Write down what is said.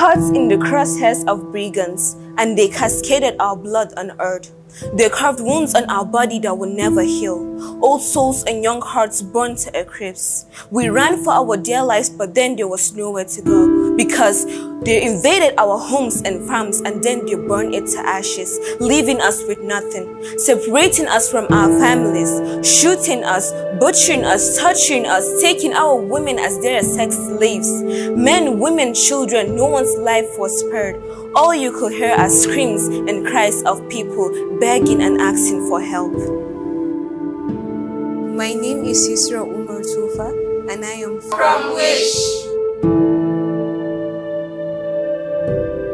caught in the crosshairs of brigands, and they cascaded our blood on earth. They carved wounds on our body that would never heal. Old souls and young hearts burned to a crisp. We ran for our dear lives, but then there was nowhere to go because they invaded our homes and farms and then they burned it to ashes, leaving us with nothing, separating us from our families, shooting us, butchering us, torturing us, taking our women as their sex slaves. Men, women, children, no one's life was spared. All you could hear are screams and cries of people begging and asking for help. My name is Yusra Umar Tufa and I am from Wish you